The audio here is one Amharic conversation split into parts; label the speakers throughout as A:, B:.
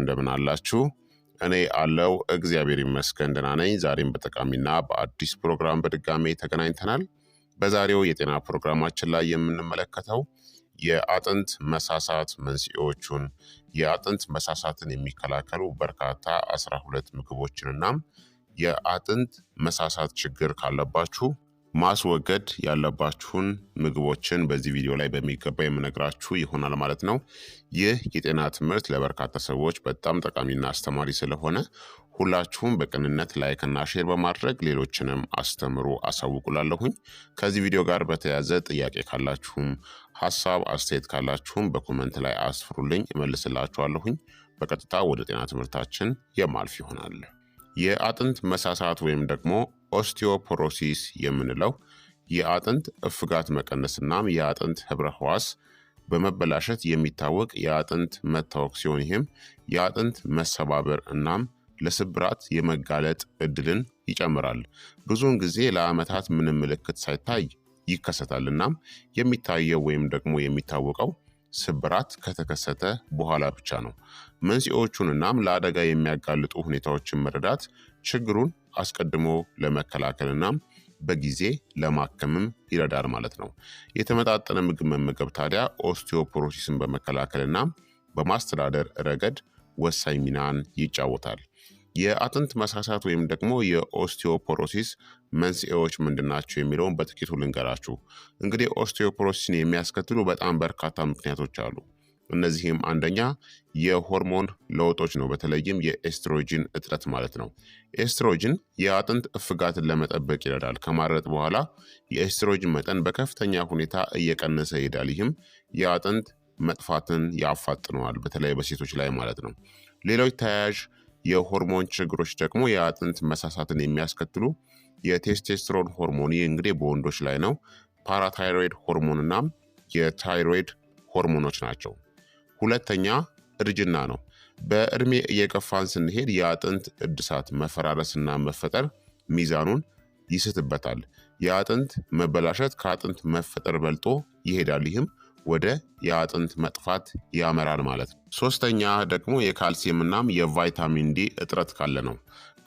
A: እንደምን አላችሁ? እኔ አለው እግዚአብሔር ይመስገን ደህና ነኝ። ዛሬም በጠቃሚና በአዲስ ፕሮግራም በድጋሜ ተገናኝተናል። በዛሬው የጤና ፕሮግራማችን ላይ የምንመለከተው የአጥንት መሳሳት መንስኤዎቹን፣ የአጥንት መሳሳትን የሚከላከሉ በርካታ አስራ ሁለት ምግቦችንና የአጥንት መሳሳት ችግር ካለባችሁ ማስወገድ ያለባችሁን ምግቦችን በዚህ ቪዲዮ ላይ በሚገባ የምነግራችሁ ይሆናል ማለት ነው። ይህ የጤና ትምህርት ለበርካታ ሰዎች በጣም ጠቃሚና አስተማሪ ስለሆነ ሁላችሁም በቅንነት ላይክና ሼር በማድረግ ሌሎችንም አስተምሩ አሳውቁላለሁኝ። ከዚህ ቪዲዮ ጋር በተያያዘ ጥያቄ ካላችሁም ሀሳብ አስተያየት ካላችሁም በኮመንት ላይ አስፍሩልኝ፣ እመልስላችኋለሁኝ። በቀጥታ ወደ ጤና ትምህርታችን የማልፍ ይሆናል። የአጥንት መሳሳት ወይም ደግሞ ኦስቲዮፖሮሲስ የምንለው የአጥንት እፍጋት መቀነስናም የአጥንት ህብረ ህዋስ በመበላሸት የሚታወቅ የአጥንት መታወክ ሲሆን ይህም የአጥንት መሰባበር እናም ለስብራት የመጋለጥ እድልን ይጨምራል። ብዙውን ጊዜ ለአመታት ምንም ምልክት ሳይታይ ይከሰታል። እናም የሚታየው ወይም ደግሞ የሚታወቀው ስብራት ከተከሰተ በኋላ ብቻ ነው። መንስኤዎቹን እናም ለአደጋ የሚያጋልጡ ሁኔታዎችን መረዳት ችግሩን አስቀድሞ ለመከላከልና በጊዜ ለማከምም ይረዳል ማለት ነው። የተመጣጠነ ምግብ መመገብ ታዲያ ኦስቲዮፖሮሲስን በመከላከልና በማስተዳደር ረገድ ወሳኝ ሚናን ይጫወታል። የአጥንት መሳሳት ወይም ደግሞ የኦስቲዮፖሮሲስ መንስኤዎች ምንድናቸው? የሚለውን በጥቂቱ ልንገራችሁ። እንግዲህ ኦስቲዮፖሮሲስን የሚያስከትሉ በጣም በርካታ ምክንያቶች አሉ። እነዚህም አንደኛ የሆርሞን ለውጦች ነው፣ በተለይም የኤስትሮጂን እጥረት ማለት ነው። ኤስትሮጂን የአጥንት እፍጋትን ለመጠበቅ ይረዳል። ከማረጥ በኋላ የኤስትሮጂን መጠን በከፍተኛ ሁኔታ እየቀነሰ ይሄዳል። ይህም የአጥንት መጥፋትን ያፋጥነዋል፣ በተለይ በሴቶች ላይ ማለት ነው። ሌሎች ተያያዥ የሆርሞን ችግሮች ደግሞ የአጥንት መሳሳትን የሚያስከትሉ የቴስቴስትሮን ሆርሞን ይህ እንግዲህ በወንዶች ላይ ነው፣ ፓራታይሮይድ ሆርሞንና የታይሮይድ ሆርሞኖች ናቸው። ሁለተኛ እርጅና ነው። በእድሜ እየገፋን ስንሄድ የአጥንት እድሳት መፈራረስና መፈጠር ሚዛኑን ይስትበታል። የአጥንት መበላሸት ከአጥንት መፈጠር በልጦ ይሄዳል። ይህም ወደ የአጥንት መጥፋት ያመራል ማለት ነው። ሶስተኛ ደግሞ የካልሲየምናም የቫይታሚን ዲ እጥረት ካለ ነው።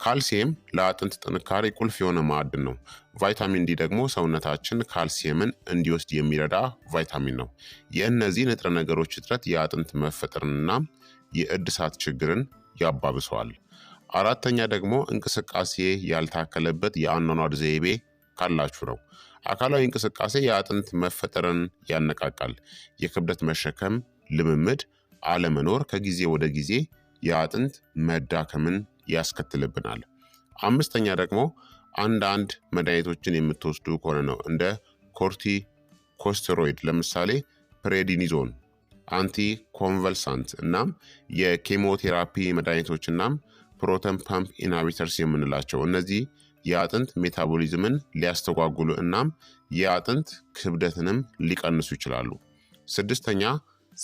A: ካልሲየም ለአጥንት ጥንካሬ ቁልፍ የሆነ ማዕድን ነው። ቫይታሚን ዲ ደግሞ ሰውነታችን ካልሲየምን እንዲወስድ የሚረዳ ቫይታሚን ነው። የእነዚህ ንጥረ ነገሮች እጥረት የአጥንት መፈጠርንና የእድሳት ችግርን ያባብሰዋል። አራተኛ ደግሞ እንቅስቃሴ ያልታከለበት የአኗኗር ዘይቤ ካላችሁ ነው። አካላዊ እንቅስቃሴ የአጥንት መፈጠርን ያነቃቃል። የክብደት መሸከም ልምምድ አለመኖር ከጊዜ ወደ ጊዜ የአጥንት መዳከምን ያስከትልብናል። አምስተኛ ደግሞ አንዳንድ መድኃኒቶችን የምትወስዱ ከሆነ ነው። እንደ ኮርቲ ኮስተሮይድ ለምሳሌ ፕሬዲኒዞን፣ አንቲ ኮንቨልሳንት እናም የኬሞቴራፒ መድኃኒቶች እናም ፕሮተን ፓምፕ ኢንሃቢተርስ የምንላቸው እነዚህ የአጥንት ሜታቦሊዝምን ሊያስተጓጉሉ እናም የአጥንት ክብደትንም ሊቀንሱ ይችላሉ። ስድስተኛ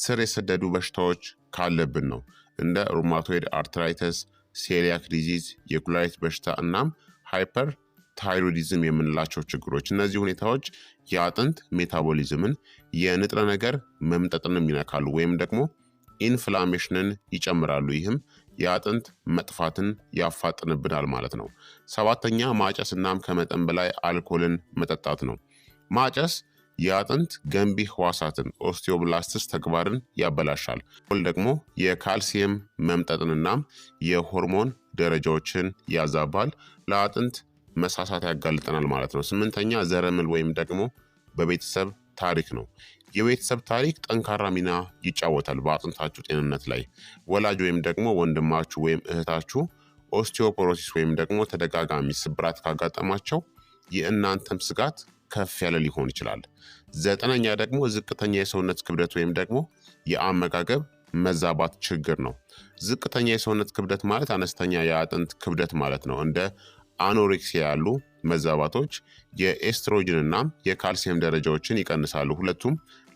A: ስር የሰደዱ በሽታዎች ካለብን ነው እንደ ሩማቶይድ አርትራይተስ ሴሊያክ ዲዚዝ፣ የኩላሊት በሽታ እናም ሃይፐር ታይሮዲዝም የምንላቸው ችግሮች። እነዚህ ሁኔታዎች የአጥንት ሜታቦሊዝምን የንጥረ ነገር መምጠጥንም ይነካሉ ወይም ደግሞ ኢንፍላሜሽንን ይጨምራሉ። ይህም የአጥንት መጥፋትን ያፋጥንብናል ማለት ነው። ሰባተኛ ማጨስ እናም ከመጠን በላይ አልኮልን መጠጣት ነው። ማጨስ የአጥንት ገንቢ ህዋሳትን ኦስቲዮብላስትስ ተግባርን ያበላሻል። ል ደግሞ የካልሲየም መምጠጥንና የሆርሞን ደረጃዎችን ያዛባል፣ ለአጥንት መሳሳት ያጋልጠናል ማለት ነው። ስምንተኛ ዘረምል ወይም ደግሞ በቤተሰብ ታሪክ ነው። የቤተሰብ ታሪክ ጠንካራ ሚና ይጫወታል በአጥንታችሁ ጤንነት ላይ። ወላጅ ወይም ደግሞ ወንድማችሁ ወይም እህታችሁ ኦስቲዮፖሮሲስ ወይም ደግሞ ተደጋጋሚ ስብራት ካጋጠማቸው የእናንተም ስጋት ከፍ ያለ ሊሆን ይችላል። ዘጠነኛ ደግሞ ዝቅተኛ የሰውነት ክብደት ወይም ደግሞ የአመጋገብ መዛባት ችግር ነው። ዝቅተኛ የሰውነት ክብደት ማለት አነስተኛ የአጥንት ክብደት ማለት ነው። እንደ አኖሬክሲያ ያሉ መዛባቶች የኤስትሮጅንና የካልሲየም ደረጃዎችን ይቀንሳሉ። ሁለቱም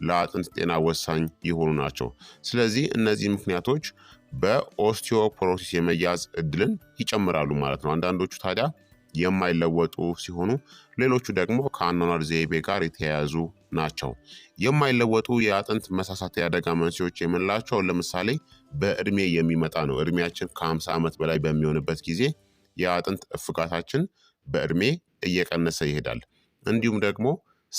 A: ለአጥንት ጤና ወሳኝ የሆኑ ናቸው። ስለዚህ እነዚህ ምክንያቶች በኦስቲዮፖሮሲስ የመያዝ እድልን ይጨምራሉ ማለት ነው። አንዳንዶቹ ታዲያ የማይለወጡ ሲሆኑ ሌሎቹ ደግሞ ከአኗኗር ዘይቤ ጋር የተያያዙ ናቸው። የማይለወጡ የአጥንት መሳሳት የአደጋ መንስኤዎች የምንላቸው ለምሳሌ በእድሜ የሚመጣ ነው። እድሜያችን ከ50 ዓመት በላይ በሚሆንበት ጊዜ የአጥንት እፍጋታችን በእድሜ እየቀነሰ ይሄዳል። እንዲሁም ደግሞ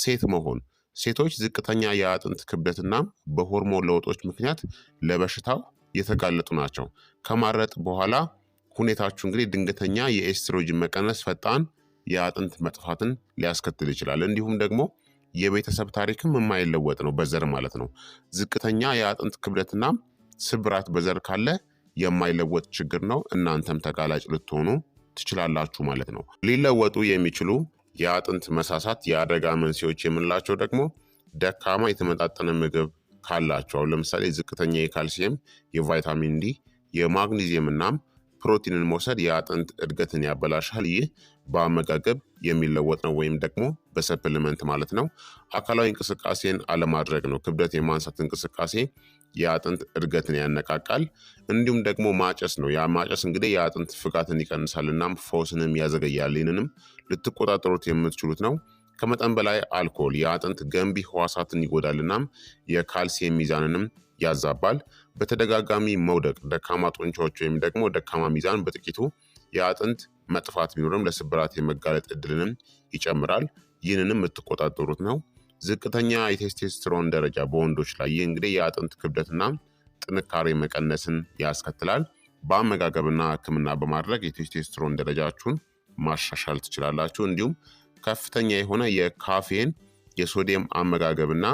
A: ሴት መሆን ሴቶች ዝቅተኛ የአጥንት ክብደትና በሆርሞን ለውጦች ምክንያት ለበሽታው የተጋለጡ ናቸው። ከማረጥ በኋላ ሁኔታችሁ እንግዲህ ድንገተኛ የኤስትሮጅን መቀነስ፣ ፈጣን የአጥንት መጥፋትን ሊያስከትል ይችላል። እንዲሁም ደግሞ የቤተሰብ ታሪክም የማይለወጥ ነው በዘር ማለት ነው። ዝቅተኛ የአጥንት ክብደትና ስብራት በዘር ካለ የማይለወጥ ችግር ነው። እናንተም ተጋላጭ ልትሆኑ ትችላላችሁ ማለት ነው። ሊለወጡ የሚችሉ የአጥንት መሳሳት የአደጋ መንስኤዎች የምንላቸው ደግሞ ደካማ የተመጣጠነ ምግብ ካላቸው አሁን ለምሳሌ ዝቅተኛ የካልሲየም የቫይታሚን ዲ የማግኒዚየም እናም ፕሮቲንን መውሰድ የአጥንት እድገትን ያበላሻል። ይህ በአመጋገብ የሚለወጥ ነው ወይም ደግሞ በሰፕልመንት ማለት ነው። አካላዊ እንቅስቃሴን አለማድረግ ነው። ክብደት የማንሳት እንቅስቃሴ የአጥንት እድገትን ያነቃቃል። እንዲሁም ደግሞ ማጨስ ነው። ያ ማጨስ እንግዲህ የአጥንት ፍቃትን ይቀንሳል፣ እናም ፈውስንም ያዘገያል። ይህንንም ልትቆጣጠሩት የምትችሉት ነው። ከመጠን በላይ አልኮል የአጥንት ገንቢ ህዋሳትን ይጎዳልናም የካልሲየም ሚዛንንም ያዛባል። በተደጋጋሚ መውደቅ፣ ደካማ ጡንቻዎች ወይም ደግሞ ደካማ ሚዛን በጥቂቱ የአጥንት መጥፋት ቢኖርም ለስብራት የመጋለጥ እድልንም ይጨምራል። ይህንንም የምትቆጣጠሩት ነው። ዝቅተኛ የቴስቴስትሮን ደረጃ በወንዶች ላይ ይህ እንግዲህ የአጥንት ክብደትና ጥንካሬ መቀነስን ያስከትላል። በአመጋገብና ህክምና በማድረግ የቴስቴስትሮን ደረጃችሁን ማሻሻል ትችላላችሁ። እንዲሁም ከፍተኛ የሆነ የካፌን የሶዲየም አመጋገብና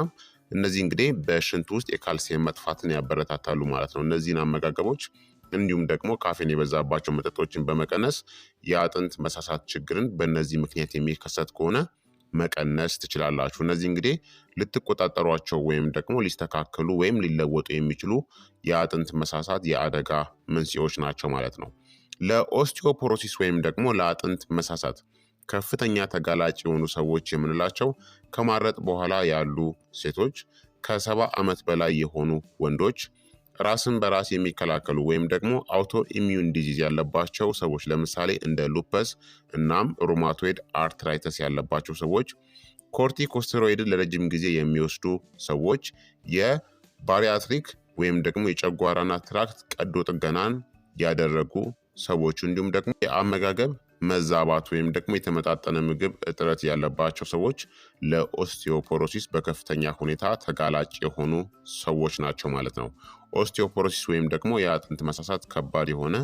A: እነዚህ እንግዲህ በሽንት ውስጥ የካልሲየም መጥፋትን ያበረታታሉ ማለት ነው። እነዚህን አመጋገቦች እንዲሁም ደግሞ ካፌን የበዛባቸው መጠጦችን በመቀነስ የአጥንት መሳሳት ችግርን በእነዚህ ምክንያት የሚከሰት ከሆነ መቀነስ ትችላላችሁ። እነዚህ እንግዲህ ልትቆጣጠሯቸው ወይም ደግሞ ሊስተካከሉ ወይም ሊለወጡ የሚችሉ የአጥንት መሳሳት የአደጋ መንስኤዎች ናቸው ማለት ነው። ለኦስቲዮፖሮሲስ ወይም ደግሞ ለአጥንት መሳሳት ከፍተኛ ተጋላጭ የሆኑ ሰዎች የምንላቸው ከማረጥ በኋላ ያሉ ሴቶች፣ ከሰባ ዓመት በላይ የሆኑ ወንዶች፣ ራስን በራስ የሚከላከሉ ወይም ደግሞ አውቶ ኢሚዩን ዲዚዝ ያለባቸው ሰዎች ለምሳሌ እንደ ሉፐስ እናም ሩማቶይድ አርትራይተስ ያለባቸው ሰዎች፣ ኮርቲኮስቴሮይድን ለረጅም ጊዜ የሚወስዱ ሰዎች፣ የባሪያትሪክ ወይም ደግሞ የጨጓራና ትራክት ቀዶ ጥገናን ያደረጉ ሰዎች እንዲሁም ደግሞ የአመጋገብ መዛባት ወይም ደግሞ የተመጣጠነ ምግብ እጥረት ያለባቸው ሰዎች ለኦስቲዮፖሮሲስ በከፍተኛ ሁኔታ ተጋላጭ የሆኑ ሰዎች ናቸው ማለት ነው። ኦስቲዮፖሮሲስ ወይም ደግሞ የአጥንት መሳሳት ከባድ የሆነ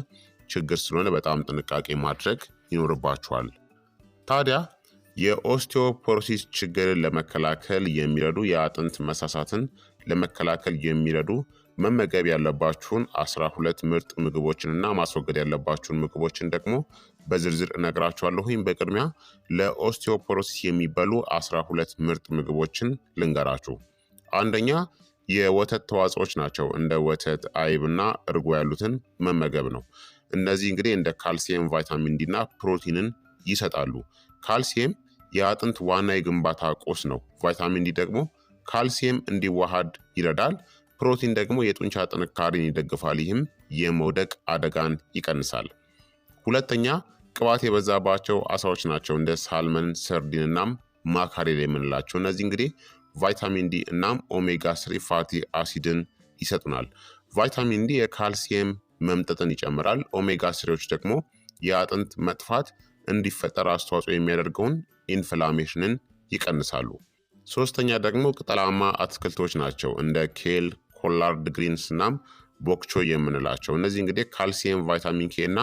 A: ችግር ስለሆነ በጣም ጥንቃቄ ማድረግ ይኖርባቸዋል። ታዲያ የኦስቲዮፖሮሲስ ችግርን ለመከላከል የሚረዱ የአጥንት መሳሳትን ለመከላከል የሚረዱ መመገብ ያለባችሁን 12 ምርጥ ምግቦችንና ማስወገድ ያለባችሁን ምግቦችን ደግሞ በዝርዝር እነግራችኋለሁኝ። በቅድሚያ ለኦስቲዮፖሮሲስ የሚበሉ 12 ምርጥ ምግቦችን ልንገራችሁ። አንደኛ የወተት ተዋጽኦች ናቸው። እንደ ወተት፣ አይብና እርጎ ያሉትን መመገብ ነው። እነዚህ እንግዲህ እንደ ካልሲየም፣ ቫይታሚን ዲና ፕሮቲንን ይሰጣሉ። ካልሲየም የአጥንት ዋና የግንባታ ቁስ ነው። ቫይታሚን ዲ ደግሞ ካልሲየም እንዲዋሃድ ይረዳል። ፕሮቲን ደግሞ የጡንቻ ጥንካሬን ይደግፋል። ይህም የመውደቅ አደጋን ይቀንሳል። ሁለተኛ ቅባት የበዛባቸው አሳዎች ናቸው። እንደ ሳልመን፣ ሰርዲን እናም ማካሬል የምንላቸው እነዚህ እንግዲህ ቫይታሚን ዲ እናም ኦሜጋ ስሪ ፋቲ አሲድን ይሰጡናል። ቫይታሚን ዲ የካልሲየም መምጠጥን ይጨምራል። ኦሜጋ ስሪዎች ደግሞ የአጥንት መጥፋት እንዲፈጠር አስተዋጽኦ የሚያደርገውን ኢንፍላሜሽንን ይቀንሳሉ። ሶስተኛ ደግሞ ቅጠላማ አትክልቶች ናቸው። እንደ ኬል፣ ኮላርድ ግሪንስ እናም ቦክቾ የምንላቸው እነዚህ እንግዲህ ካልሲየም፣ ቫይታሚን ኬ እና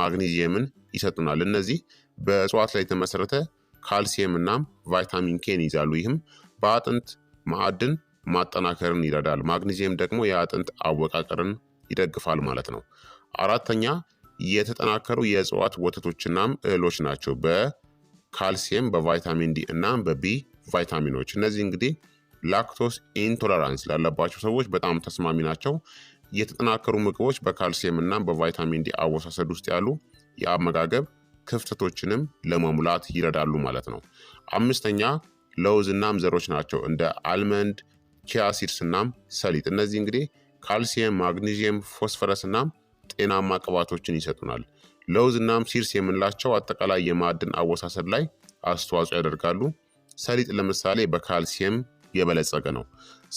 A: ማግኒዚየምን ይሰጡናል። እነዚህ በእጽዋት ላይ የተመሰረተ ካልሲየም እናም ቫይታሚን ኬን ይዛሉ። ይህም በአጥንት ማዕድን ማጠናከርን ይረዳል። ማግኒዚየም ደግሞ የአጥንት አወቃቀርን ይደግፋል ማለት ነው። አራተኛ የተጠናከሩ የእጽዋት ወተቶችናም እህሎች ናቸው በካልሲየም በቫይታሚን ዲ እና በቢ ቫይታሚኖች እነዚህ እንግዲህ ላክቶስ ኢንቶለራንስ ላለባቸው ሰዎች በጣም ተስማሚ ናቸው። የተጠናከሩ ምግቦች በካልሲየም እና በቫይታሚን ዲ አወሳሰድ ውስጥ ያሉ የአመጋገብ ክፍተቶችንም ለመሙላት ይረዳሉ ማለት ነው። አምስተኛ ለውዝ እናም ዘሮች ናቸው እንደ አልመንድ፣ ቺያሲድስ እናም ሰሊጥ። እነዚህ እንግዲህ ካልሲየም፣ ማግኒዥየም፣ ፎስፈረስ እናም ጤናማ ቅባቶችን ይሰጡናል። ለውዝ እናም ሲርስ የምንላቸው አጠቃላይ የማዕድን አወሳሰድ ላይ አስተዋጽኦ ያደርጋሉ። ሰሊጥ ለምሳሌ በካልሲየም የበለጸገ ነው።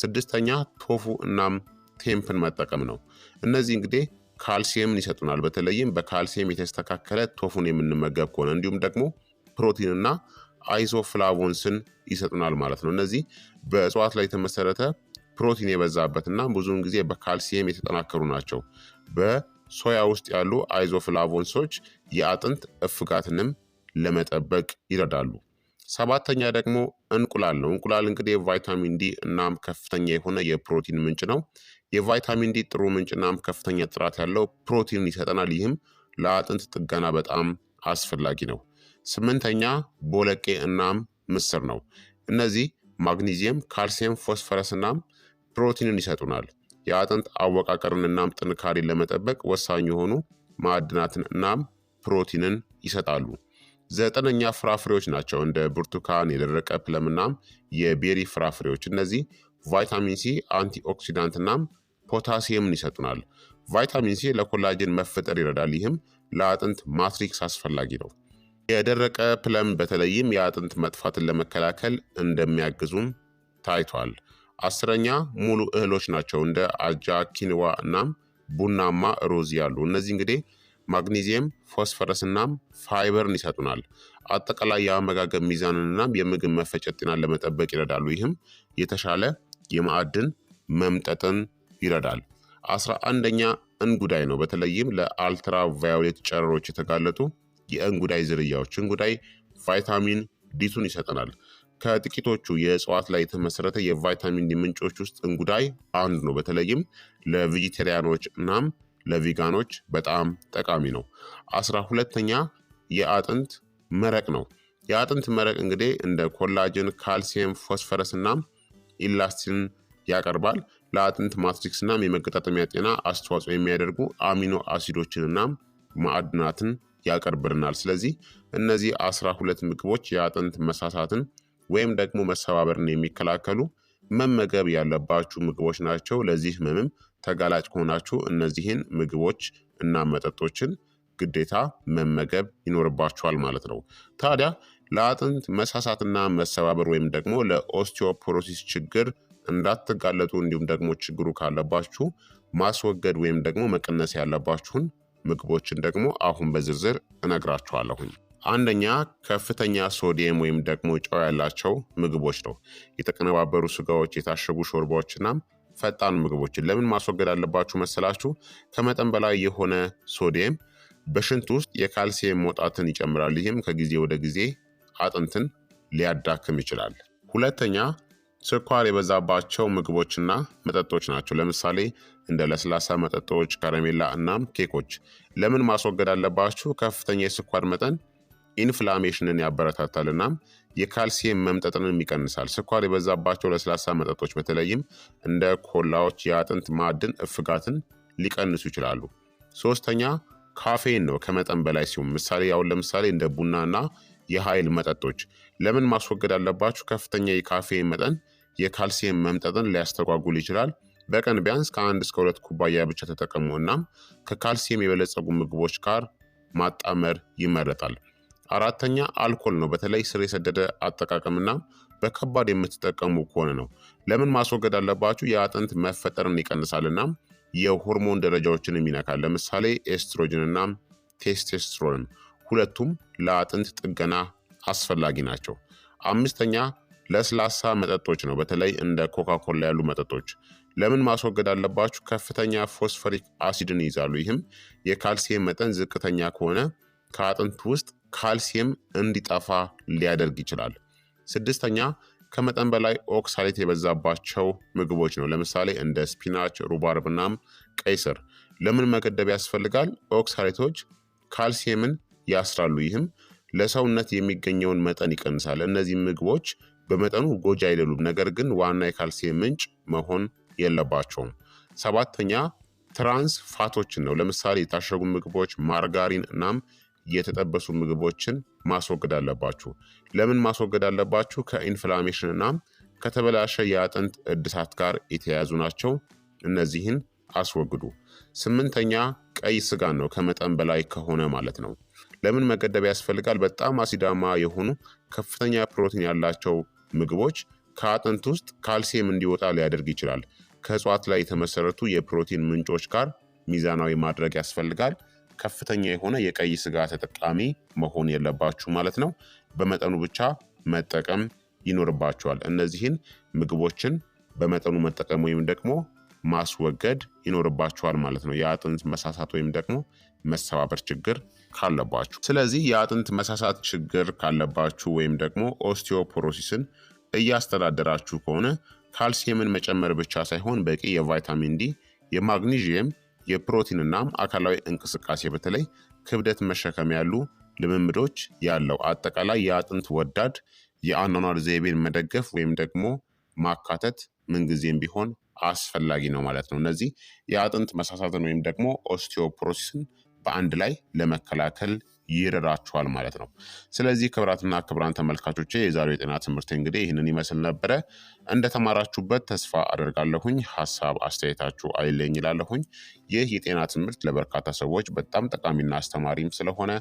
A: ስድስተኛ ቶፉ እናም ቴምፕን መጠቀም ነው። እነዚህ እንግዲህ ካልሲየምን ይሰጡናል። በተለይም በካልሲየም የተስተካከለ ቶፉን የምንመገብ ከሆነ እንዲሁም ደግሞ ፕሮቲንና አይሶፍላቮንስን ይሰጡናል ማለት ነው። እነዚህ በእጽዋት ላይ የተመሰረተ ፕሮቲን የበዛበት እና ብዙውን ጊዜ በካልሲየም የተጠናከሩ ናቸው። በሶያ ውስጥ ያሉ አይዞፍላቮንሶች የአጥንት እፍጋትንም ለመጠበቅ ይረዳሉ። ሰባተኛ ደግሞ እንቁላል ነው። እንቁላል እንግዲህ የቫይታሚን ዲ እናም ከፍተኛ የሆነ የፕሮቲን ምንጭ ነው። የቫይታሚን ዲ ጥሩ ምንጭ እናም ከፍተኛ ጥራት ያለው ፕሮቲን ይሰጠናል። ይህም ለአጥንት ጥገና በጣም አስፈላጊ ነው። ስምንተኛ ቦለቄ እናም ምስር ነው። እነዚህ ማግኒዚየም፣ ካልሲየም፣ ፎስፈረስ እናም ፕሮቲንን ይሰጡናል። የአጥንት አወቃቀርን እናም ጥንካሬን ለመጠበቅ ወሳኝ የሆኑ ማዕድናትን እናም ፕሮቲንን ይሰጣሉ። ዘጠነኛ ፍራፍሬዎች ናቸው። እንደ ብርቱካን፣ የደረቀ ፕለምናም የቤሪ ፍራፍሬዎች። እነዚህ ቫይታሚን ሲ፣ አንቲኦክሲዳንትናም ፖታሲየምን ይሰጡናል። ቫይታሚን ሲ ለኮላጅን መፈጠር ይረዳል። ይህም ለአጥንት ማትሪክስ አስፈላጊ ነው። የደረቀ ፕለም በተለይም የአጥንት መጥፋትን ለመከላከል እንደሚያግዙም ታይቷል። አስረኛ ሙሉ እህሎች ናቸው። እንደ አጃ፣ ኪንዋ እናም ቡናማ ሩዝ ያሉ እነዚህ እንግዲህ ማግኒዚየም ፎስፈረስ ፎስፈረስናም ፋይበርን ይሰጡናል። አጠቃላይ የአመጋገብ ሚዛንንና የምግብ መፈጨት ጤናን ለመጠበቅ ይረዳሉ። ይህም የተሻለ የማዕድን መምጠጥን ይረዳል። አስራ አንደኛ እንጉዳይ ነው። በተለይም ለአልትራቫዮሌት ጨረሮች የተጋለጡ የእንጉዳይ ዝርያዎች እንጉዳይ ቫይታሚን ዲቱን ይሰጠናል። ከጥቂቶቹ የእጽዋት ላይ የተመሰረተ የቫይታሚን ዲ ምንጮች ውስጥ እንጉዳይ አንዱ ነው። በተለይም ለቬጂቴሪያኖች እናም ለቪጋኖች በጣም ጠቃሚ ነው። አስራ ሁለተኛ የአጥንት መረቅ ነው። የአጥንት መረቅ እንግዲህ እንደ ኮላጅን፣ ካልሲየም፣ ፎስፈረስ እናም ኢላስቲን ያቀርባል። ለአጥንት ማትሪክስ እናም የመገጣጠሚያ ጤና አስተዋጽኦ የሚያደርጉ አሚኖ አሲዶችን እናም ማዕድናትን ያቀርብልናል። ስለዚህ እነዚህ አስራ ሁለት ምግቦች የአጥንት መሳሳትን ወይም ደግሞ መሰባበርን የሚከላከሉ መመገብ ያለባችሁ ምግቦች ናቸው። ለዚህ ህመምም ተጋላጭ ከሆናችሁ እነዚህን ምግቦች እና መጠጦችን ግዴታ መመገብ ይኖርባችኋል ማለት ነው። ታዲያ ለአጥንት መሳሳትና መሰባበር ወይም ደግሞ ለኦስቲዮፖሮሲስ ችግር እንዳትጋለጡ እንዲሁም ደግሞ ችግሩ ካለባችሁ ማስወገድ ወይም ደግሞ መቀነስ ያለባችሁን ምግቦችን ደግሞ አሁን በዝርዝር እነግራችኋለሁኝ። አንደኛ ከፍተኛ ሶዲየም ወይም ደግሞ ጨው ያላቸው ምግቦች ነው። የተቀነባበሩ ስጋዎች፣ የታሸጉ ሾርባዎችናም ፈጣን ምግቦችን ለምን ማስወገድ አለባችሁ መሰላችሁ? ከመጠን በላይ የሆነ ሶዲየም በሽንት ውስጥ የካልሲየም መውጣትን ይጨምራል። ይህም ከጊዜ ወደ ጊዜ አጥንትን ሊያዳክም ይችላል። ሁለተኛ ስኳር የበዛባቸው ምግቦችና መጠጦች ናቸው። ለምሳሌ እንደ ለስላሳ መጠጦች፣ ከረሜላ እናም ኬኮች ለምን ማስወገድ አለባችሁ? ከፍተኛ የስኳር መጠን ኢንፍላሜሽንን ያበረታታል እናም የካልሲየም መምጠጥንም ይቀንሳል። ስኳር የበዛባቸው ለስላሳ መጠጦች በተለይም እንደ ኮላዎች የአጥንት ማዕድን እፍጋትን ሊቀንሱ ይችላሉ። ሶስተኛ ካፌን ነው ከመጠን በላይ ሲሆን ምሳሌ ያሁን ለምሳሌ እንደ ቡናና የኃይል መጠጦች ለምን ማስወገድ አለባችሁ? ከፍተኛ የካፌን መጠን የካልሲየም መምጠጥን ሊያስተጓጉል ይችላል። በቀን ቢያንስ ከአንድ እስከ ሁለት ኩባያ ብቻ ተጠቀሙ። እናም ከካልሲየም የበለጸጉ ምግቦች ጋር ማጣመር ይመረጣል። አራተኛ አልኮል ነው። በተለይ ስር የሰደደ አጠቃቀምና በከባድ የምትጠቀሙ ከሆነ ነው። ለምን ማስወገድ አለባችሁ? የአጥንት መፈጠርን ይቀንሳልና የሆርሞን ደረጃዎችንም ይነካል። ለምሳሌ ኤስትሮጅንና ቴስቴስትሮን ሁለቱም ለአጥንት ጥገና አስፈላጊ ናቸው። አምስተኛ ለስላሳ መጠጦች ነው። በተለይ እንደ ኮካኮላ ያሉ መጠጦች ለምን ማስወገድ አለባችሁ? ከፍተኛ ፎስፈሪክ አሲድን ይይዛሉ። ይህም የካልሲየም መጠን ዝቅተኛ ከሆነ ከአጥንት ውስጥ ካልሲየም እንዲጠፋ ሊያደርግ ይችላል። ስድስተኛ ከመጠን በላይ ኦክሳሌት የበዛባቸው ምግቦች ነው። ለምሳሌ እንደ ስፒናች፣ ሩባርብናም ቀይ ስር። ለምን መገደብ ያስፈልጋል? ኦክሳሌቶች ካልሲየምን ያስራሉ። ይህም ለሰውነት የሚገኘውን መጠን ይቀንሳል። እነዚህ ምግቦች በመጠኑ ጎጂ አይደሉም፣ ነገር ግን ዋና የካልሲየም ምንጭ መሆን የለባቸውም። ሰባተኛ ትራንስ ፋቶችን ነው። ለምሳሌ የታሸጉ ምግቦች፣ ማርጋሪን እናም የተጠበሱ ምግቦችን ማስወገድ አለባችሁ። ለምን ማስወገድ አለባችሁ? ከኢንፍላሜሽን እና ከተበላሸ የአጥንት እድሳት ጋር የተያያዙ ናቸው። እነዚህን አስወግዱ። ስምንተኛ ቀይ ስጋን ነው፣ ከመጠን በላይ ከሆነ ማለት ነው። ለምን መገደብ ያስፈልጋል? በጣም አሲዳማ የሆኑ ከፍተኛ ፕሮቲን ያላቸው ምግቦች ከአጥንት ውስጥ ካልሲየም እንዲወጣ ሊያደርግ ይችላል። ከእጽዋት ላይ የተመሰረቱ የፕሮቲን ምንጮች ጋር ሚዛናዊ ማድረግ ያስፈልጋል። ከፍተኛ የሆነ የቀይ ስጋ ተጠቃሚ መሆን የለባችሁ ማለት ነው። በመጠኑ ብቻ መጠቀም ይኖርባችኋል። እነዚህን ምግቦችን በመጠኑ መጠቀም ወይም ደግሞ ማስወገድ ይኖርባችኋል ማለት ነው። የአጥንት መሳሳት ወይም ደግሞ መሰባበር ችግር ካለባችሁ። ስለዚህ የአጥንት መሳሳት ችግር ካለባችሁ ወይም ደግሞ ኦስቲዮፖሮሲስን እያስተዳደራችሁ ከሆነ ካልሲየምን መጨመር ብቻ ሳይሆን በቂ የቫይታሚን ዲ፣ የማግኒዥየም የፕሮቲንና አካላዊ እንቅስቃሴ በተለይ ክብደት መሸከም ያሉ ልምምዶች ያለው አጠቃላይ የአጥንት ወዳድ የአኗኗር ዘይቤን መደገፍ ወይም ደግሞ ማካተት ምንጊዜም ቢሆን አስፈላጊ ነው ማለት ነው። እነዚህ የአጥንት መሳሳትን ወይም ደግሞ ኦስቲዮፕሮሲስን በአንድ ላይ ለመከላከል ይረዳችኋል ማለት ነው። ስለዚህ ክብራትና ክብራን ተመልካቾቼ የዛሬው የጤና ትምህርት እንግዲህ ይህንን ይመስል ነበረ። እንደተማራችሁበት ተስፋ አደርጋለሁኝ። ሀሳብ አስተያየታችሁ አይለኝ ይላለሁኝ። ይህ የጤና ትምህርት ለበርካታ ሰዎች በጣም ጠቃሚና አስተማሪም ስለሆነ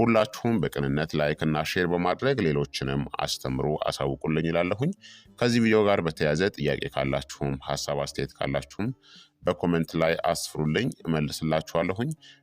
A: ሁላችሁም በቅንነት ላይክ እና ሼር በማድረግ ሌሎችንም አስተምሩ፣ አሳውቁልኝ ይላለሁኝ። ከዚህ ቪዲዮ ጋር በተያያዘ ጥያቄ ካላችሁም ሀሳብ አስተያየት ካላችሁም በኮመንት ላይ አስፍሩልኝ፣ እመልስላችኋለሁኝ።